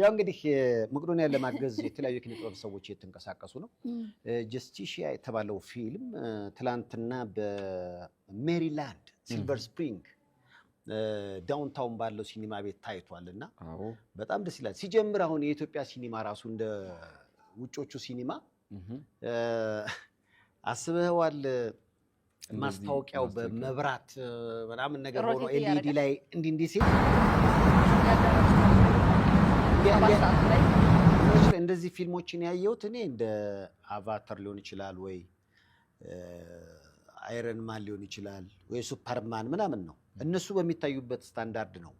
ያው እንግዲህ መቅዶኒያን ለማገዝ የተለያዩ የኪነ ጥበብ ሰዎች የተንቀሳቀሱ ነው። ጀስቲሺያ የተባለው ፊልም ትላንትና በሜሪላንድ ሲልቨር ስፕሪንግ ዳውንታውን ባለው ሲኒማ ቤት ታይቷል እና በጣም ደስ ይላል። ሲጀምር አሁን የኢትዮጵያ ሲኒማ ራሱ እንደ ውጮቹ ሲኒማ አስበዋል። ማስታወቂያው በመብራት ምናምን ነገር ሆኖ ኤልኢዲ ላይ እንዲህ እንዲህ ሲል እንደዚህ ፊልሞችን ያየሁት እኔ እንደ አቫተር ሊሆን ይችላል ወይ አይረን ማን ሊሆን ይችላል ወይ ሱፐርማን ምናምን ነው። እነሱ በሚታዩበት ስታንዳርድ ነው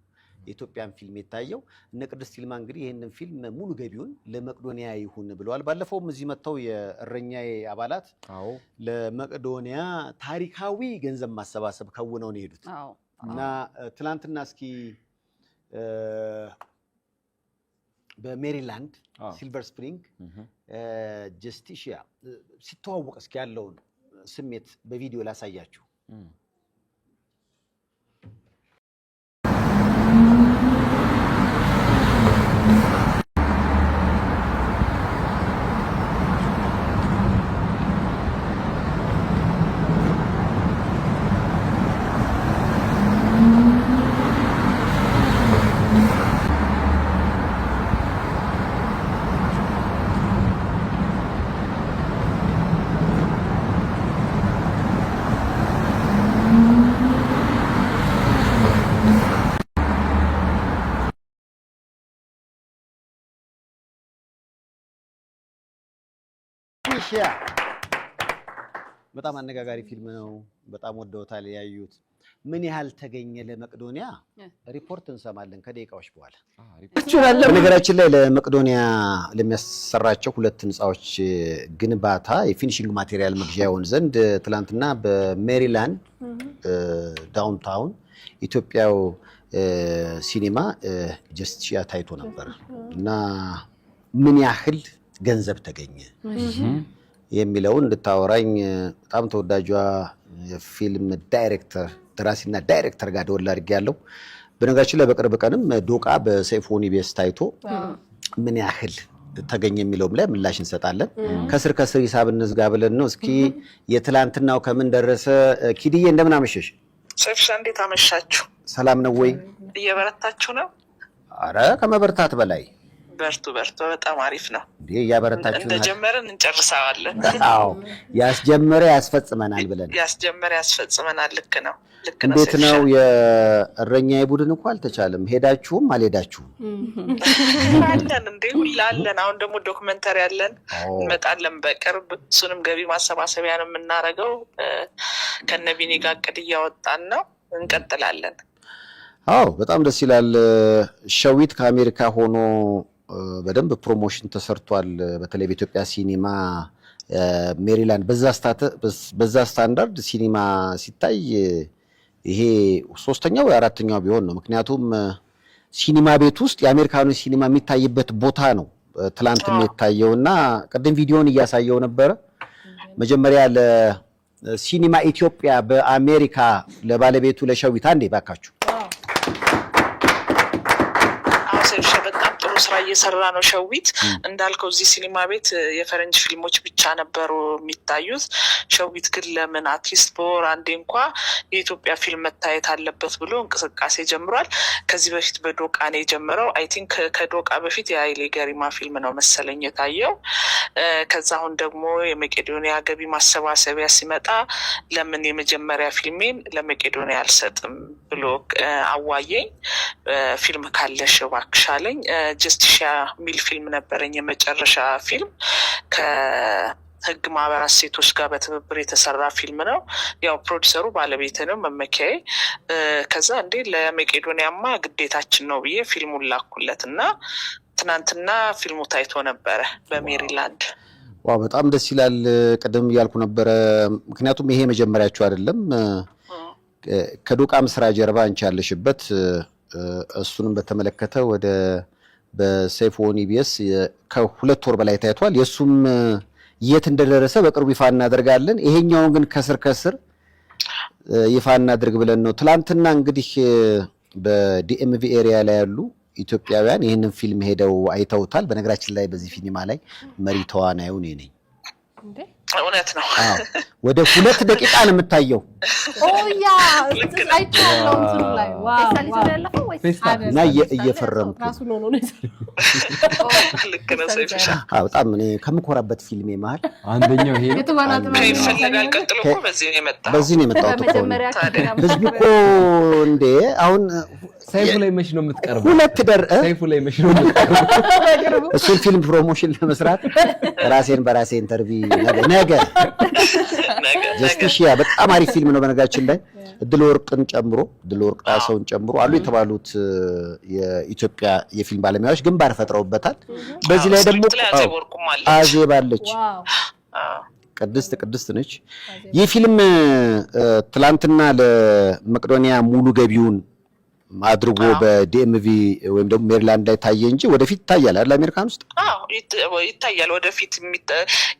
የኢትዮጵያን ፊልም የታየው። እነ ቅድስት ይልማ እንግዲህ ይህንን ፊልም ሙሉ ገቢውን ለመቅዶኒያ ይሁን ብለዋል። ባለፈውም እዚህ መጥተው የእረኛዬ አባላት ለመቅዶኒያ ታሪካዊ ገንዘብ ማሰባሰብ ከውነው ነው የሄዱት እና ትናንትና እስኪ በሜሪላንድ ሲልቨር ስፕሪንግ ጀስቲሽያ ሲተዋወቅ እስኪ ያለውን ስሜት በቪዲዮ ላሳያችሁ። በጣም አነጋጋሪ ፊልም ነው። በጣም ወደውታል ያዩት። ምን ያህል ተገኘ? ለመቅዶኒያ ሪፖርት እንሰማለን ከደቂቃዎች በኋላ። በነገራችን ላይ ለመቅዶኒያ ለሚያሰራቸው ሁለት ህንፃዎች ግንባታ የፊኒሽንግ ማቴሪያል መግዣ ይሆን ዘንድ ትናንትና በሜሪላንድ ዳውንታውን ኢትዮጵያው ሲኒማ ጀስቲያ ታይቶ ነበር እና ምን ያህል ገንዘብ ተገኘ የሚለውን እንድታወራኝ በጣም ተወዳጇ የፊልም ዳይሬክተር ደራሲና ዳይሬክተር ጋር ደወል አድርጌያለሁ። በነገራችን ላይ በቅርብ ቀንም ዶቃ በሴፎኒ ቤስ ታይቶ ምን ያህል ተገኘ የሚለውም ላይ ምላሽ እንሰጣለን። ከስር ከስር ሂሳብ እንዝጋ ብለን ነው። እስኪ የትላንትናው ከምን ደረሰ? ኪድዬ እንደምን አመሸሽ? ሸፍሻ እንዴት አመሻችሁ? ሰላም ነው ወይ? እየበረታችሁ ነው? አረ ከመበርታት በላይ በርቱ በርቱ። በጣም አሪፍ ነው። እያበረታችሁ እንደጀመርን እንጨርሰዋለን። አዎ ያስጀመረ ያስፈጽመናል ብለን ያስጀመረ ያስፈጽመናል። ልክ ነው፣ ነው። እንዴት ነው የእረኛ ቡድን እኮ አልተቻለም። ሄዳችሁም አልሄዳችሁም አለን እንዴ ላለን አሁን ደግሞ ዶክመንተሪ አለን፣ እንመጣለን በቅርብ። እሱንም ገቢ ማሰባሰቢያ ነው የምናደርገው። ከነቢኒ ጋር እቅድ እያወጣን ነው፣ እንቀጥላለን። አዎ በጣም ደስ ይላል። ሸዊት ከአሜሪካ ሆኖ በደንብ ፕሮሞሽን ተሰርቷል። በተለይ በኢትዮጵያ ሲኒማ ሜሪላንድ በዛ ስታንዳርድ ሲኒማ ሲታይ ይሄ ሶስተኛው የአራተኛው ቢሆን ነው። ምክንያቱም ሲኒማ ቤት ውስጥ የአሜሪካኑ ሲኒማ የሚታይበት ቦታ ነው። ትላንት የታየው እና ቅድም ቪዲዮን እያሳየው ነበረ። መጀመሪያ ለሲኒማ ኢትዮጵያ በአሜሪካ ለባለቤቱ ለሸዊት አንዴ ባካችሁ ስራ እየሰራ ነው። ሸዊት እንዳልከው እዚህ ሲኒማ ቤት የፈረንጅ ፊልሞች ብቻ ነበሩ የሚታዩት። ሸዊት ግን ለምን አትሊስት በወር አንዴ እንኳ የኢትዮጵያ ፊልም መታየት አለበት ብሎ እንቅስቃሴ ጀምሯል። ከዚህ በፊት በዶቃ ነው የጀመረው። አይ ቲንክ ከዶቃ በፊት የሀይሌ ገሪማ ፊልም ነው መሰለኝ የታየው። ከዛ አሁን ደግሞ የመቄዶኒያ ገቢ ማሰባሰቢያ ሲመጣ ለምን የመጀመሪያ ፊልሜን ለመቄዶኒያ አልሰጥም ብሎ አዋየኝ ፊልም ካለሽ እባክሽ አለኝ ጀስት አምስት ሺ የሚል ፊልም ነበረኝ የመጨረሻ ፊልም ህግ ማህበራት ሴቶች ጋር በትብብር የተሰራ ፊልም ነው። ያው ፕሮዲሰሩ ባለቤት ነው መመኪያዬ። ከዛ እንዴ ለመቄዶኒያማ ግዴታችን ነው ብዬ ፊልሙን ላኩለት እና ትናንትና ፊልሙ ታይቶ ነበረ በሜሪላንድ። ዋው በጣም ደስ ይላል። ቅድም እያልኩ ነበረ፣ ምክንያቱም ይሄ መጀመሪያቸው አይደለም። ከዶቃም ስራ ጀርባ አንቺ ያለሽበት እሱንም በተመለከተ ወደ በሴፎን ኢቢኤስ ከሁለት ወር በላይ ታይቷል። የእሱም የት እንደደረሰ በቅርቡ ይፋ እናደርጋለን። ይሄኛውን ግን ከስር ከስር ይፋ እናድርግ ብለን ነው። ትላንትና እንግዲህ በዲኤምቪ ኤሪያ ላይ ያሉ ኢትዮጵያውያን ይህንን ፊልም ሄደው አይተውታል። በነገራችን ላይ በዚህ ፊኒማ ላይ መሪ ተዋናዩ እኔ ነኝ። እውነት ነው። ወደ ሁለት ደቂቃ ነው የምታየው። ኦያ እየፈረምኩ በጣም እኔ ከምኮራበት ፊልሜ መሀል አንደኛው ይሄ በዚህ ነው የመጣሁት እኮ እኮ እንዴ አሁን ሰይፉ ላይ መች ነው የምትቀርበው? ሁለት ደር ሰይፉ ላይ መች ነው የምትቀርበው? እሱን ፊልም ፕሮሞሽን ለመስራት ራሴን በራሴ ኢንተርቪው ነገ ጀስቲሺያ በጣም አሪፍ ፊልም ነው። በነገራችን ላይ እድል ወርቅን ጨምሮ እድል ወርቅ ጣሰውን ጨምሮ አሉ የተባሉት የኢትዮጵያ የፊልም ባለሙያዎች ግንባር ፈጥረውበታል። mm-hmm. በዚህ ላይ ደግሞ አዜብ አለች፣ ቅድስት ቅድስት ነች። ይህ ፊልም ትላንትና ለመቅዶኒያ ሙሉ ገቢውን አድርጎ በዲኤምቪ ወይም ደግሞ ሜሪላንድ ላይ ታየ እንጂ ወደፊት ይታያል አይደል? አሜሪካን ውስጥ ይታያል፣ ወደፊት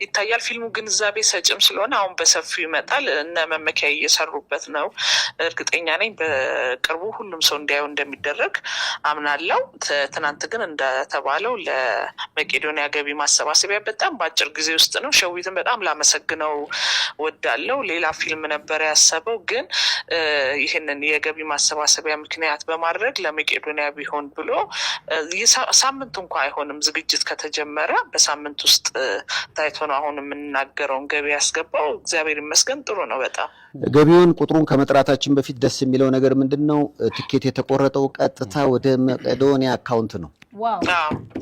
ይታያል። ፊልሙ ግንዛቤ ሰጭም ስለሆነ አሁን በሰፊው ይመጣል። እነ መመኪያ እየሰሩበት ነው። እርግጠኛ ነኝ በቅርቡ ሁሉም ሰው እንዲያየው እንደሚደረግ አምናለሁ። ትናንት ግን እንደተባለው ለመቄዶንያ ገቢ ማሰባሰቢያ በጣም በአጭር ጊዜ ውስጥ ነው። ሸዊትን በጣም ላመሰግነው ወዳለው ሌላ ፊልም ነበር ያሰበው፣ ግን ይህንን የገቢ ማሰባሰቢያ ምክንያት ምክንያት በማድረግ ለመቄዶንያ ቢሆን ብሎ ሳምንት እንኳ አይሆንም ዝግጅት ከተጀመረ በሳምንት ውስጥ ታይቶ ነው አሁን የምንናገረውን ገቢ ያስገባው። እግዚአብሔር ይመስገን ጥሩ ነው በጣም ገቢውን ቁጥሩን ከመጥራታችን በፊት ደስ የሚለው ነገር ምንድን ነው? ትኬት የተቆረጠው ቀጥታ ወደ መቄዶንያ አካውንት ነው።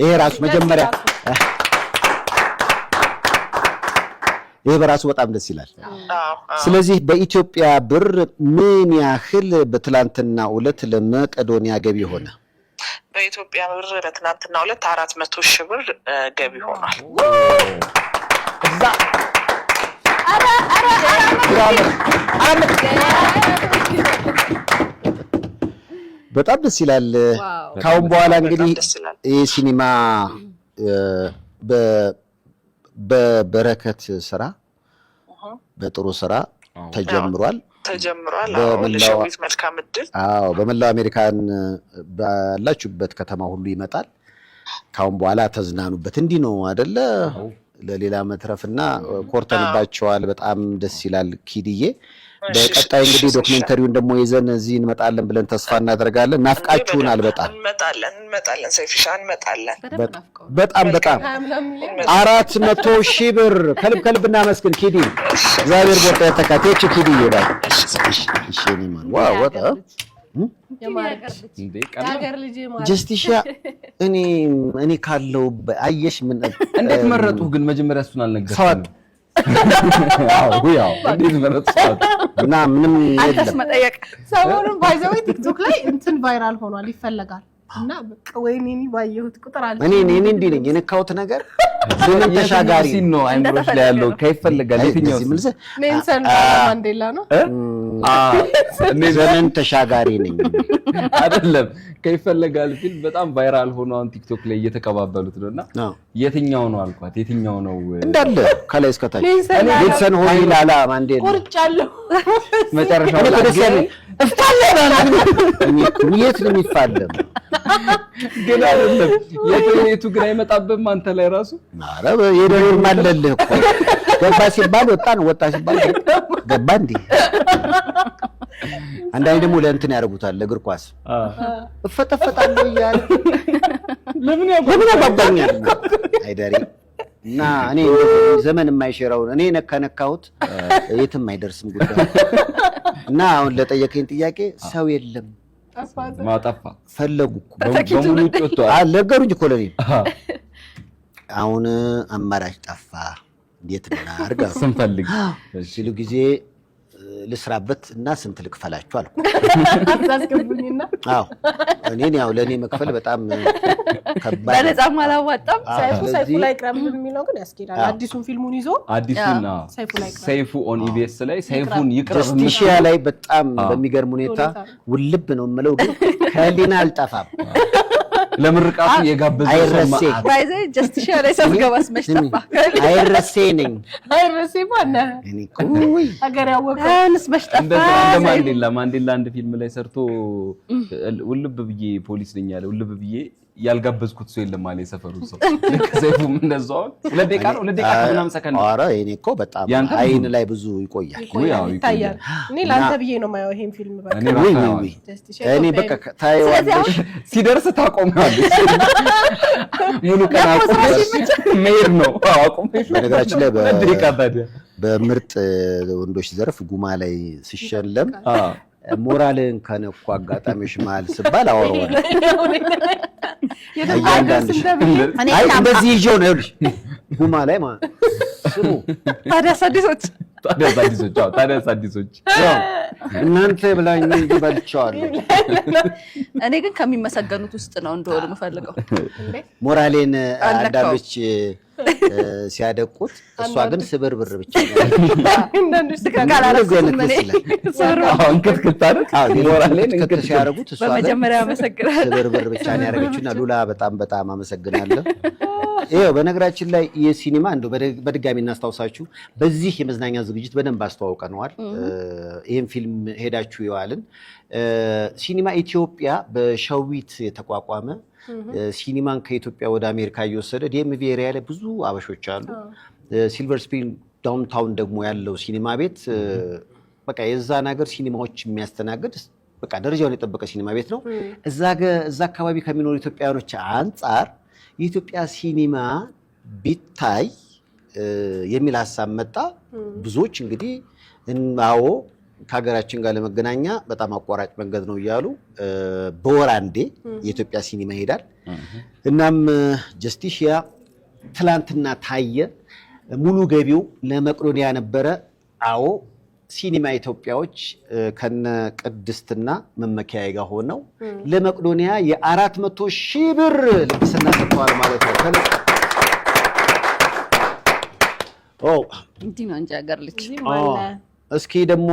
ይሄ ራሱ መጀመሪያ ይሄ በራሱ በጣም ደስ ይላል። ስለዚህ በኢትዮጵያ ብር ምን ያህል በትላንትና ዕለት ለመቄዶንያ ገቢ ሆነ? በኢትዮጵያ ብር በትናንትናው ዕለት አራት መቶ ሺህ ብር ገቢ ሆኗል። በጣም ደስ ይላል። ካሁን በኋላ እንግዲህ ይህ ሲኒማ በበረከት ስራ በጥሩ ስራ ተጀምሯል ተጀምሯል። በመላው አሜሪካን ባላችሁበት ከተማ ሁሉ ይመጣል። ካሁን በኋላ ተዝናኑበት። እንዲህ ነው አደለ? ለሌላ መትረፍና ኮርተንባቸዋል። በጣም ደስ ይላል ኪድዬ በቀጣይ እንግዲህ ዶክሜንተሪውን ደግሞ ይዘን እዚህ እንመጣለን ብለን ተስፋ እናደርጋለን። ናፍቃችሁን በጣም እንመጣለን ሰይፍሻ እንመጣለን። በጣም በጣም አራት መቶ ሺህ ብር ከልብ ከልብ እናመስግን። ኪዲ እግዚአብሔር ቦታ ያተካቴች ኪዲ ይላል። ዋው ወጣ ጀስቲሻ እኔ ካለው አየሽ። ምን እንዴት መረጡ ግን? መጀመሪያ እሱን አልነገርኩህም። እና ምንም አንተስ መጠየቅ ሰሞኑን ባይዘው ቲክቶክ ላይ እንትን ቫይራል ሆኗል ይፈለጋል እና በቃ ወይኔ እኔ ባየሁት ቁጥር አለ እኔ እኔ እንዲህ ነኝ የነካሁት ነገር ዘመን ተሻጋሪ ነው። አይምሮሽ ላይ ያለው ከይፈልጋል የትኛው ኔልሰን ማንዴላ ነው። ዘመን ተሻጋሪ ነኝ አይደለም ከይፈለጋል ፊል በጣም ቫይራል ሆኖ አሁን ቲክቶክ ላይ እየተቀባበሉት ነው። እና የትኛው ነው አልኳት፣ የትኛው ነው እንዳለ ከላይ እስከታች ቤተሰን ሆ ላላ ማንዴ ቆርጫለሁ። መጨረሻው የት ነው የሚፋለም? ግን አይደለም የቱ ግን አይመጣብህም አንተ ላይ ራሱ የደም ማለልህ እኮ ገባ ሲባል ወጣን፣ ወጣ ሲባል ገባ እንዲህ አንዳንዴ ደግሞ ለእንትን ያደርጉታል ለእግር ኳስ እፈጠፈጣለሁ እያለ ለምን ያጓጓኛል አይደሪ እና እኔ ዘመን የማይሽረውን እኔ ነካነካሁት የትም አይደርስም ጉዳይ እና አሁን ለጠየቀኝ ጥያቄ ሰው የለም ማጠፋ ፈለጉ ነገሩ እንጂ ኮሎኔል አሁን አማራጭ ጠፋ። እንዴት አርጋ ስንፈልግ ሲሉ ጊዜ ልስራበት እና ስንት ልክፈላችሁ አልኩ። አስገቡኝና እኔን ያው ለእኔ መክፈል በጣም ከባድ በነፃም አላዋጣም። ሰይፉ ሰይፉ ላይ ቅረብ የሚለው ግን ያስኬዳል። አዲሱን ፊልሙን ይዞ አዲሱን ሰይፉ ኦን ኢቢኤስ ላይ ሰይፉን ይቅረብ ስቲሺያ ላይ በጣም በሚገርም ሁኔታ ውልብ ነው የምለው ግን ከሊና አልጠፋም። ለምርቃቱ የጋበዘ ጀስት ሼር መስጠፋ አይረሴ እኔ ያወቀ አንስ መስጠፋ ፊልም ላይ ሰርቶ ውልብ ብዬ ፖሊስ ነኝ ያለ ውልብ ብዬ ያልጋበዝኩት ሰው የለም አለ የሰፈሩት ሰው ሰይፉም እንደዛው አሁን ሁለት ደቂቃ ነው ሁለት ደቂቃ ምናምን ሰከንድ ነው። ኧረ እኔ እኮ በጣም አይን ላይ ብዙ ይቆያል ይታያል። እኔ ለአንተ ብዬ ነው የማየው ይሄን ፊልም እኔ በቃ ታየዋለሽ፣ ሲደርስ ታቆሚዋለሽ። ሙሉ ቀን መሄድ ነው። በነገራችን ላይ በምርጥ ወንዶች ዘርፍ ጉማ ላይ ሲሸለም ሞራልን ከነኩ አጋጣሚዎች መሀል ስባል አወራዋለሁ። እያንዳንድሽ እንደዚህ ይዤው ነው ይኸውልሽ፣ ጉማ ላይ ማለት ስሙ ታዲያስ አዲሶች እናንተ ብላኝ እንጂ በልቼዋለሁ። እኔ ግን ከሚመሰገኑት ውስጥ ነው እንደሆነ የምፈልገው ሞራሌን አንዳንዶች ሲያደቁት፣ እሷ ግን ስብርብር ብቻ ሲያደረጉት ስብርብር ብቻ ነው ያደረገችው። ሉላ በጣም በጣም አመሰግናለሁ። ይኸው በነገራችን ላይ የሲኒማ እንደው በድጋሚ እናስታውሳችሁ፣ በዚህ የመዝናኛ ዝግጅት በደንብ አስተዋውቀነዋል። ይህም ፊልም ሄዳችሁ ይዋልን ሲኒማ ኢትዮጵያ በሸዊት የተቋቋመ ሲኒማን ከኢትዮጵያ ወደ አሜሪካ እየወሰደ ዲኤምቪ ኤሪያ ላይ ብዙ አበሾች አሉ። ሲልቨር ስፕሪንግ ዳውንታውን ደግሞ ያለው ሲኒማ ቤት በቃ የዛን ሀገር ሲኒማዎች የሚያስተናግድ በቃ ደረጃውን የጠበቀ ሲኒማ ቤት ነው። እዛ አካባቢ ከሚኖሩ ኢትዮጵያውያኖች አንጻር የኢትዮጵያ ሲኒማ ቢታይ የሚል ሀሳብ መጣ። ብዙዎች እንግዲህ እናዎ ከሀገራችን ጋር ለመገናኛ በጣም አቋራጭ መንገድ ነው እያሉ በወር አንዴ የኢትዮጵያ ሲኒማ ይሄዳል። እናም ጀስቲሽያ ትላንትና ታየ። ሙሉ ገቢው ለመቄዶንያ ነበረ። አዎ ሲኒማ ኢትዮጵያዎች ከነ ቅድስትና መመኪያ ጋር ሆነው ለመቅዶኒያ የአራት መቶ ሺህ ብር ልብስና ሰጥተዋል ማለት ነው። እንዲህ ነው እንጂ ሀገር ልጅ እስኪ ደግሞ